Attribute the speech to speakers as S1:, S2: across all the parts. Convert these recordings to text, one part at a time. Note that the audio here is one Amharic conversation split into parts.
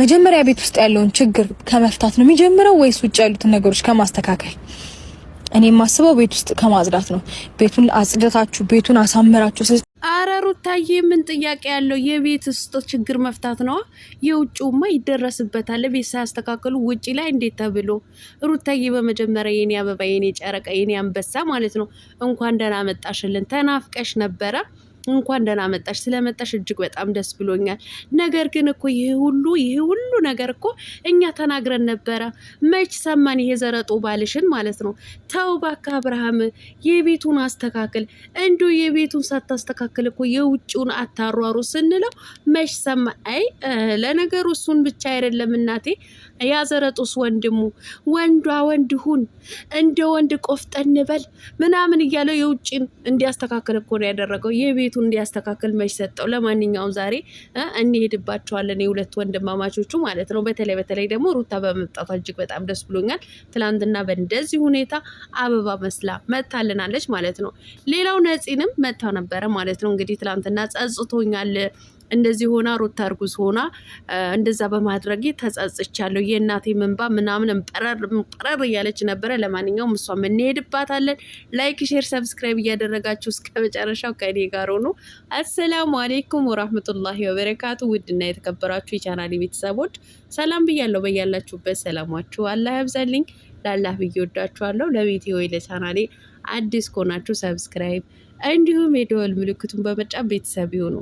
S1: መጀመሪያ ቤት ውስጥ ያለውን ችግር ከመፍታት ነው የሚጀምረው ወይስ ውጭ ያሉትን ነገሮች ከማስተካከል? እኔ የማስበው ቤት ውስጥ ከማጽዳት ነው። ቤቱን አጽድታችሁ ቤቱን አሳምራችሁ
S2: አረሩ ሩታዬ፣ ምን ጥያቄ ያለው? የቤት ውስጥ ችግር መፍታት ነዋ። የውጭውማ ይደረስበታል። ቤት ሳያስተካከሉ ውጭ ላይ እንዴት ተብሎ? ሩታዬ፣ በመጀመሪያ የኔ አበባ፣ የኔ ጨረቃ፣ የኔ አንበሳ ማለት ነው እንኳን ደህና መጣሽልን። ተናፍቀሽ ነበረ። እንኳን ደህና መጣሽ። ስለመጣሽ እጅግ በጣም ደስ ብሎኛል። ነገር ግን እኮ ይሄ ሁሉ ይሄ ሁሉ ነገር እኮ እኛ ተናግረን ነበረ። መች ሰማን? ይሄ ዘረጦ ባልሽን ማለት ነው። ተው እባክህ አብርሃም፣ የቤቱን አስተካክል። እንዱ የቤቱን ሳታስተካክል እኮ የውጭውን አታሯሩ ስንለው መች ሰማ? አይ ለነገሩ እሱን ብቻ አይደለም እናቴ፣ ያ ዘረጦስ ወንድሙ ወንዷ ወንድ ሁን፣ እንደ ወንድ ቆፍጠን በል ምናምን እያለው የውጭን እንዲያስተካክል እኮ ነው ያደረገው የቤቱ ቤቱን እንዲያስተካክል መች ሰጠው? ለማንኛውም ዛሬ እንሄድባቸዋለን የሁለት ወንድማማቾቹ ማለት ነው። በተለይ በተለይ ደግሞ ሩታ በመምጣቷ እጅግ በጣም ደስ ብሎኛል። ትናንትና በእንደዚህ ሁኔታ አበባ መስላ መታልናለች ማለት ነው። ሌላው ነፂንም መታ ነበረ ማለት ነው። እንግዲህ ትላንትና ጸጽቶኛል እንደዚህ ሆና ሩታ እርጉዝ ሆና እንደዛ በማድረጌ ተጸጽቻለሁ። የእናቴ ምንባ ምናምን ጠረር እያለች ነበረ። ለማንኛውም እሷም እንሄድባታለን። ላይክ፣ ሼር፣ ሰብስክራይብ እያደረጋችሁ እስከ መጨረሻው ከእኔ ጋር ሆኖ አሰላሙ አሌይኩም ወራህመቱላሂ ወበረካቱ። ውድና የተከበራችሁ የቻናሌ ቤተሰቦች ሰላም ብያለሁ። በያላችሁበት ሰላማችሁ አላህ ያብዛልኝ። ላላህ ብዬ ወዳችኋለሁ። ለቤቴ ወይ ለቻናሌ አዲስ ከሆናችሁ ሰብስክራይብ እንዲሁም የደወል ምልክቱን በመጫን ቤተሰብ ይሁኑ።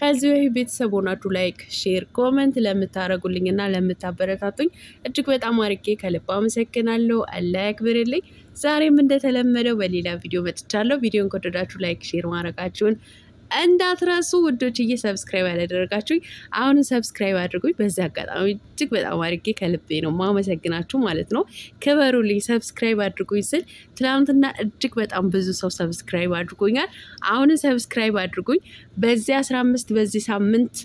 S2: ከዚህ በፊት ቤተሰብ ሆናችሁ ላይክ፣ ሼር፣ ኮመንት ለምታደርጉልኝና ለምታበረታቱኝ እጅግ በጣም አርጌ ከልብ አመሰግናለሁ። አላህ ያክብርልኝ። ዛሬም እንደተለመደው በሌላ ቪዲዮ መጥቻለሁ። ቪዲዮን ከወደዳችሁ ላይክ፣ ሼር ማድረጋችሁን እንዳትረሱ ውዶችዬ፣ ሰብስክራይብ ያላደረጋችሁኝ አሁን ሰብስክራይብ አድርጉኝ። በዚህ አጋጣሚ እጅግ በጣም አድርጌ ከልቤ ነው ማመሰግናችሁ ማለት ነው። ክበሩልኝ፣ ሰብስክራይብ አድርጉኝ ስል ትናንትና እጅግ በጣም ብዙ ሰው ሰብስክራይብ አድርጎኛል። አሁን ሰብስክራይብ አድርጉኝ። በዚህ አስራ አምስት በዚህ ሳምንት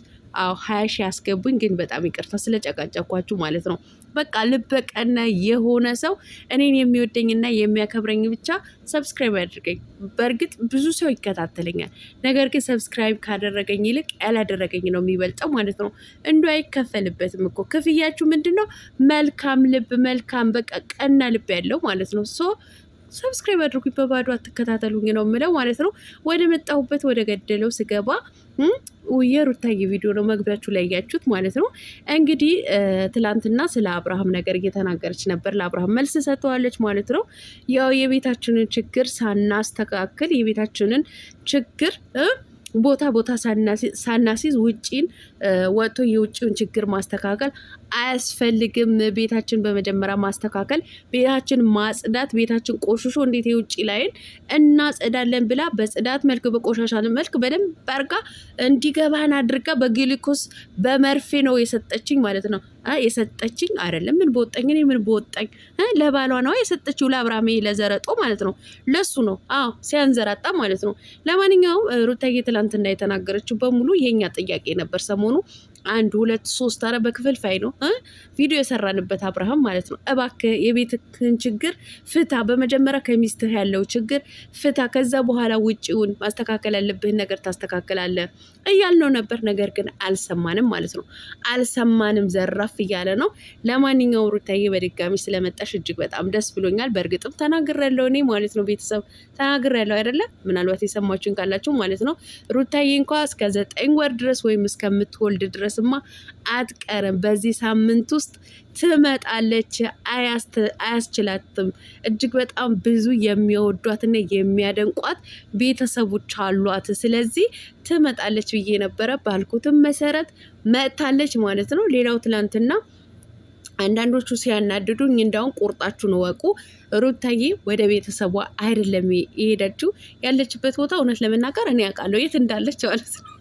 S2: አዎ ሀያ ሺህ ያስገቡኝ ግን በጣም ይቅርታ ስለጨቃጨኳችሁ ማለት ነው። በቃ ልበቀና የሆነ ሰው እኔን የሚወደኝና የሚያከብረኝ ብቻ ሰብስክራይብ ያድርገኝ። በእርግጥ ብዙ ሰው ይከታተለኛል፣ ነገር ግን ሰብስክራይብ ካደረገኝ ይልቅ ያላደረገኝ ነው የሚበልጠው ማለት ነው። እንዱ አይከፈልበትም እኮ ክፍያችሁ ምንድን ነው? መልካም ልብ፣ መልካም በቃ ቀና ልብ ያለው ማለት ነው ሶ ሰብስክራይብ አድርጉ። በባዶ አትከታተሉኝ ነው የምለው ማለት ነው። ወደ መጣሁበት ወደ ገደለው ስገባ የሩታዬ ቪዲዮ ነው መግቢያችሁ ላይ ያያችሁት ማለት ነው። እንግዲህ ትላንትና ስለ አብርሃም ነገር እየተናገረች ነበር። ለአብርሃም መልስ ሰጠዋለች ማለት ነው። ያው የቤታችንን ችግር ሳናስተካክል የቤታችንን ችግር ቦታ ቦታ ሳናሲዝ ውጭን ወጥቶ የውጭውን ችግር ማስተካከል አያስፈልግም። ቤታችን በመጀመሪያ ማስተካከል፣ ቤታችን ማጽዳት፣ ቤታችን ቆሽሾ እንዴት የውጭ ላይን እናጸዳለን ብላ በጽዳት መልክ በቆሻሻ መልክ በደንብ አድርጋ እንዲገባን አድርጋ በግሊኮስ በመርፌ ነው የሰጠችኝ ማለት ነው። የሰጠችኝ አይደለም። ምን በወጣኝ እኔ ምን በወጣኝ? ለባሏ ነዋ የሰጠችው ለአብራሜ ለዘረጦ ማለት ነው፣ ለሱ ነው። አዎ ሲያንዘራጣ ማለት ነው። ለማንኛውም ሩታዬ ትላንትና የተናገረችው በሙሉ የእኛ ጥያቄ ነበር ሰሞኑ አንድ ሁለት ሶስት፣ አረ በክፍል ፋይ ነው ቪዲዮ የሰራንበት አብርሃም ማለት ነው። እባክህ የቤትህን ችግር ፍታ። በመጀመሪያ ከሚስትህ ያለው ችግር ፍታ። ከዛ በኋላ ውጭውን ማስተካከል ያለብህን ነገር ታስተካክላለህ እያልነው ነበር። ነገር ግን አልሰማንም ማለት ነው። አልሰማንም ዘራፍ እያለ ነው። ለማንኛውም ሩታዬ በድጋሚ ስለመጣሽ እጅግ በጣም ደስ ብሎኛል። በእርግጥም ተናግሬያለሁ እኔ ማለት ነው። ቤተሰብ ተናግሬያለሁ አይደለም። ምናልባት የሰማችሁን ካላችሁ ማለት ነው። ሩታዬ እንኳ እስከ ዘጠኝ ወር ድረስ ወይም እስከምትወልድ ድረስ ሳትደርስማ አትቀርም። በዚህ ሳምንት ውስጥ ትመጣለች፣ አያስችላትም። እጅግ በጣም ብዙ የሚወዷትና የሚያደንቋት ቤተሰቦች አሏት። ስለዚህ ትመጣለች ብዬ ነበረ። ባልኩትም መሰረት መጥታለች ማለት ነው። ሌላው ትላንትና አንዳንዶቹ ሲያናድዱኝ እንዳሁን ቁርጣችሁን እወቁ። ሩታዬ ወደ ቤተሰቧ አይደለም የሄደችው። ያለችበት ቦታ እውነት ለመናገር እኔ አውቃለሁ የት እንዳለች ማለት ነው።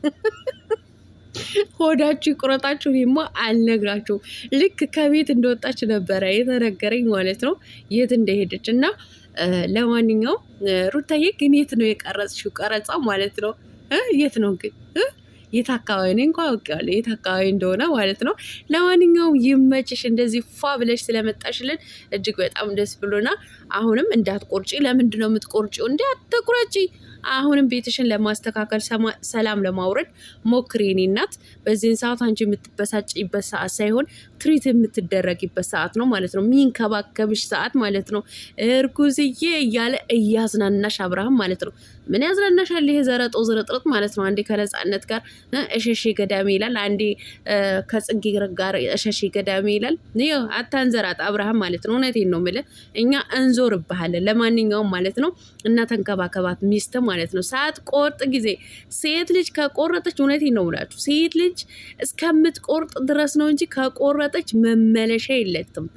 S2: ሆዳችሁ ይቁረጣችሁ። እኔማ አልነግራችሁ። ልክ ከቤት እንደወጣች ነበረ የተነገረኝ ማለት ነው የት እንደሄደች እና ለማንኛውም ሩታዬ ግን የት ነው የቀረጽሽው? ቀረጻ ማለት ነው የት ነው ግን የት አካባቢ ነው? እንኳ አውቄዋለሁ የት አካባቢ እንደሆነ ማለት ነው። ለማንኛውም ይመችሽ፣ እንደዚህ ፏ ብለሽ ስለመጣሽልን እጅግ በጣም ደስ ብሎና፣ አሁንም እንዳትቆርጪ። ለምንድን ነው የምትቆርጪው? እንዲ አሁንም ቤትሽን ለማስተካከል ሰላም ለማውረድ ሞክሪ የኔ እናት። በዚህን ሰዓት አንቺ የምትበሳጭበት ሰዓት ሳይሆን ትሪት የምትደረግበት ሰዓት ነው ማለት ነው። የሚንከባከብሽ ሰዓት ማለት ነው። እርጉዝዬ እያለ እያዝናናሽ አብርሃም ማለት ነው። ምን ያዝናናሻል? ይሄ ዘረጦ ዝርጥርጥ ማለት ነው። አንዴ ከነፃነት ጋር እሸሼ ገዳሜ ይላል፣ አንዴ ከጽጌ ጋር እሸሼ ገዳሜ ይላል። አታንዘራጥ አብርሃም ማለት ነው። እውነቴን ነው የምልህ እኛ እንዞርብሃለን። ለማንኛውም ማለት ነው እና ተንከባከባት ሚስት ማለት ነው። ሳትቆርጥ ጊዜ ሴት ልጅ ከቆረጠች እውነት ነው ብላችሁ ሴት ልጅ እስከምትቆርጥ ድረስ ነው እንጂ ከቆረጠች መመለሻ የለትም።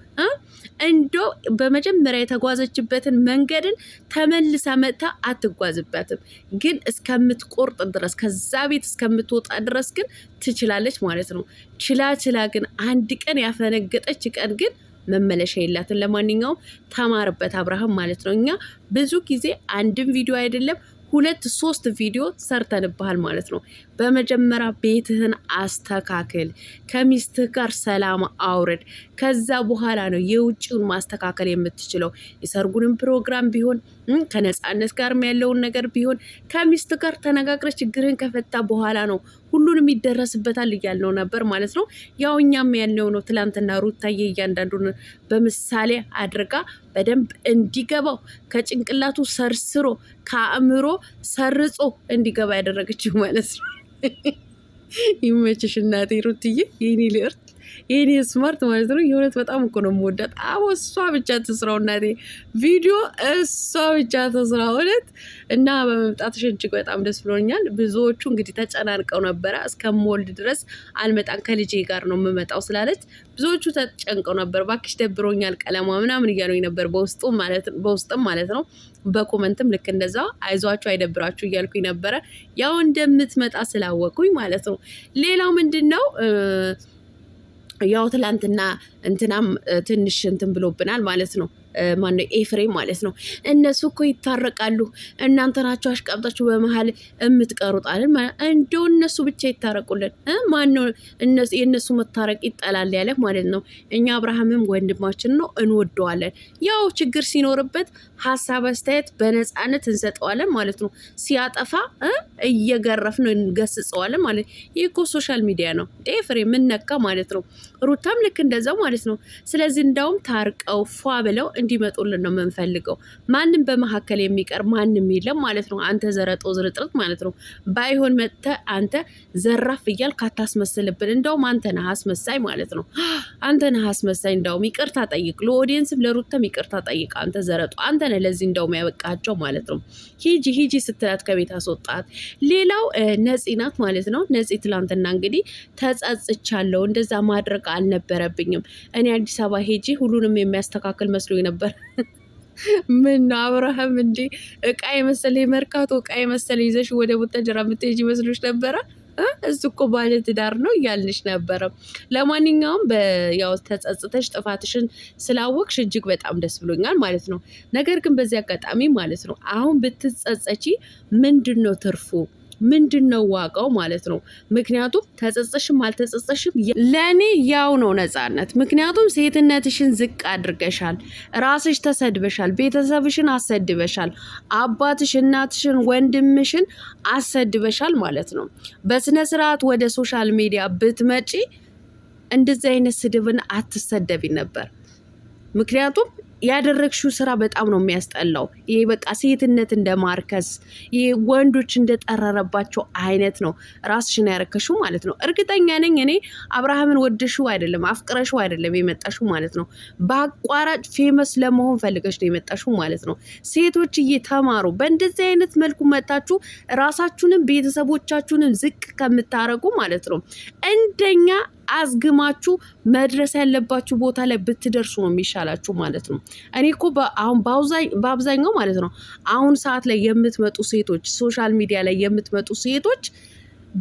S2: እንዶ በመጀመሪያ የተጓዘችበትን መንገድን ተመልሳ መጥታ አትጓዝበትም። ግን እስከምትቆርጥ ድረስ ከዛ ቤት እስከምትወጣ ድረስ ግን ትችላለች ማለት ነው። ችላ ችላ ግን አንድ ቀን ያፈነገጠች ቀን ግን መመለሻ የላትን። ለማንኛውም ተማርበት አብርሃም ማለት ነው። እኛ ብዙ ጊዜ አንድም ቪዲዮ አይደለም ሁለት ሶስት ቪዲዮ ሰርተንብሃል ማለት ነው። በመጀመሪያ ቤትህን አስተካክል፣ ከሚስትህ ጋር ሰላም አውርድ። ከዛ በኋላ ነው የውጭውን ማስተካከል የምትችለው የሰርጉንም ፕሮግራም ቢሆን ከነፃነት ጋርም ያለውን ነገር ቢሆን ከሚስት ጋር ተነጋግረ ችግርህን ከፈታ በኋላ ነው ሁሉንም ይደረስበታል እያልነው ነበር ማለት ነው። ያው እኛም ያልነው ነው። ትላንትና ሩታዬ እያንዳንዱን በምሳሌ አድርጋ በደንብ እንዲገባው ከጭንቅላቱ ሰርስሮ ከአእምሮ ሰርጾ እንዲገባ ያደረገችው ማለት ነው። ይመችሽ እናቴ ሩትዬ የኔ ልዕርት ይህን ስማርት ማለት ነው። የእውነት በጣም እኮ ነው የምወዳት። አቦ እሷ ብቻ ትስራው እናቴ ቪዲዮ እሷ ብቻ ትስራ እውነት። እና በመምጣትሽ እጅግ በጣም ደስ ብሎኛል። ብዙዎቹ እንግዲህ ተጨናንቀው ነበረ። እስከምወልድ ድረስ አልመጣም ከልጄ ጋር ነው የምመጣው ስላለች ብዙዎቹ ተጨንቀው ነበር። ባክሽ ደብሮኛል ቀለማ ምናምን እያሉኝ ነበር በውስጥም ማለት ነው በኮመንትም ልክ እንደዛ አይዟችሁ አይደብራችሁ እያልኩኝ ነበረ። ያው እንደምትመጣ ስላወቁኝ ማለት ነው። ሌላው ምንድን ነው ያው ትላንትና እንትናም ትንሽ እንትን ብሎብናል ማለት ነው። ማነው ኤፍሬም ማለት ነው። እነሱ እኮ ይታረቃሉ። እናንተ ናቸው አሽቃብጣችሁ በመሀል የምትቀሩጣለን። እንደው እነሱ ብቻ ይታረቁልን። ማነው የእነሱ መታረቅ ይጠላል ያለ ማለት ነው። እኛ አብርሃምም ወንድማችን ነው፣ እንወደዋለን። ያው ችግር ሲኖርበት ሀሳብ አስተያየት በነፃነት እንሰጠዋለን ማለት ነው። ሲያጠፋ እየገረፍ ነው እንገስጸዋለን ማለት ይህ እኮ ሶሻል ሚዲያ ነው። ኤፍሬም ምነካ ማለት ነው። ሩታም ልክ እንደዛው ማለት ነው። ስለዚህ እንዳውም ታርቀው ፏ ብለው እንዲመጡልን ነው የምንፈልገው። ማንም በመካከል የሚቀር ማንም የለም ማለት ነው። አንተ ዘረጦ ዝርጥርጥ ማለት ነው። ባይሆን መጥተህ አንተ ዘራፍ እያል ካታስመስልብን፣ እንደውም አንተ ነህ አስመሳይ ማለት ነው። አንተ ነህ አስመሳይ። እንደውም ይቅርታ ጠይቅ፣ ለኦዲየንስም ለሩተም ይቅርታ ጠይቅ። አንተ ዘረጦ አንተ ነህ ለዚህ እንደውም ያበቃቸው ማለት ነው። ሂጂ ሂጂ ስትላት ከቤት አስወጣት። ሌላው ነፂ ናት ማለት ነው። ነፂ ትላንትና እንግዲህ ተጸጽቻለሁ፣ እንደዛ ማድረግ አልነበረብኝም። እኔ አዲስ አበባ ሄጂ ሁሉንም የሚያስተካክል መስሎ ነበር ነበር። ምን ነው አብርሃም እንዴ እቃ የመሰለ የመርካቶ እቃ የመሰለ ይዘሽ ወደ ቡታጅራ የምትሄጂ ይመስሎች ነበረ? እሱ እኮ ባለ ትዳር ነው እያልንሽ ነበረ። ለማንኛውም ያው ተጸጽተሽ ጥፋትሽን ስላወቅሽ እጅግ በጣም ደስ ብሎኛል ማለት ነው። ነገር ግን በዚህ አጋጣሚ ማለት ነው አሁን ብትጸጸቺ ምንድን ነው ትርፉ? ምንድን ነው ዋጋው ማለት ነው። ምክንያቱም ተጸጸሽም አልተጸጸሽም ለእኔ ያው ነው ነፃነት። ምክንያቱም ሴትነትሽን ዝቅ አድርገሻል፣ ራስሽ ተሰድበሻል፣ ቤተሰብሽን አሰድበሻል፣ አባትሽ፣ እናትሽን፣ ወንድምሽን አሰድበሻል ማለት ነው። በስነ ስርዓት ወደ ሶሻል ሚዲያ ብትመጪ እንደዚህ አይነት ስድብን አትሰደቢ ነበር። ምክንያቱም ያደረግሽው ስራ በጣም ነው የሚያስጠላው። ይሄ በቃ ሴትነት እንደ ማርከስ፣ ይሄ ወንዶች እንደጠረረባቸው አይነት ነው ራስሽን ያረከሽው ማለት ነው። እርግጠኛ ነኝ እኔ አብርሃምን ወደሽው አይደለም አፍቅረሽው አይደለም የመጣሽው ማለት ነው። በአቋራጭ ፌመስ ለመሆን ፈልገሽ ነው የመጣሽው ማለት ነው። ሴቶች እየተማሩ በእንደዚህ አይነት መልኩ መታችሁ ራሳችሁንም ቤተሰቦቻችሁንም ዝቅ ከምታረጉ ማለት ነው እንደኛ አዝግማችሁ መድረስ ያለባችሁ ቦታ ላይ ብትደርሱ ነው የሚሻላችሁ ማለት ነው። እኔ እኮ በአብዛኛው ማለት ነው አሁን ሰዓት ላይ የምትመጡ ሴቶች፣ ሶሻል ሚዲያ ላይ የምትመጡ ሴቶች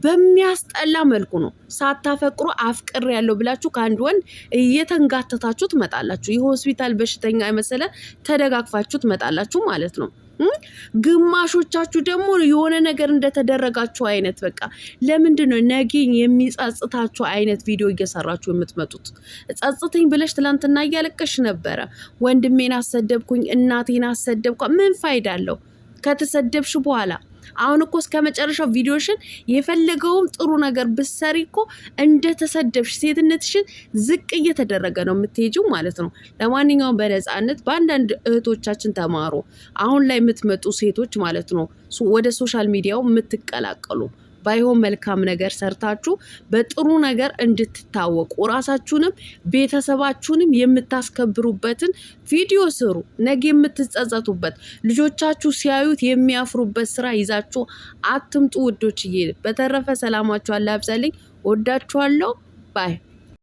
S2: በሚያስጠላ መልኩ ነው ሳታፈቅሩ አፍቅር ያለው ብላችሁ ከአንድ ወንድ እየተንጋተታችሁ ትመጣላችሁ። የሆስፒታል በሽተኛ የመሰለ ተደጋግፋችሁ ትመጣላችሁ ማለት ነው። ግማሾቻችሁ ደግሞ የሆነ ነገር እንደተደረጋችሁ አይነት በቃ ለምንድን ነው ነገ የሚጸጽታችሁ አይነት ቪዲዮ እየሰራችሁ የምትመጡት? ጸጽትኝ ብለሽ ትላንትና እያለቀሽ ነበረ። ወንድሜን አሰደብኩኝ፣ እናቴን አሰደብኳ። ምን ፋይዳ አለው ከተሰደብሽ በኋላ አሁን እኮ እስከ መጨረሻው ቪዲዮሽን የፈለገውም ጥሩ ነገር ብሰሪ እኮ እንደተሰደብሽ ሴትነትሽን ዝቅ እየተደረገ ነው የምትሄጂው ማለት ነው። ለማንኛውም በነፃነት በአንዳንድ እህቶቻችን ተማሩ። አሁን ላይ የምትመጡ ሴቶች ማለት ነው ወደ ሶሻል ሚዲያው የምትቀላቀሉ ባይሆን መልካም ነገር ሰርታችሁ በጥሩ ነገር እንድትታወቁ ራሳችሁንም ቤተሰባችሁንም የምታስከብሩበትን ቪዲዮ ስሩ። ነገ የምትጸጸቱበት ልጆቻችሁ ሲያዩት የሚያፍሩበት ስራ ይዛችሁ አትምጡ ውዶችዬ። በተረፈ ሰላማችሁ አላብዛልኝ ያብዛልኝ። ወዳችኋለሁ ባይ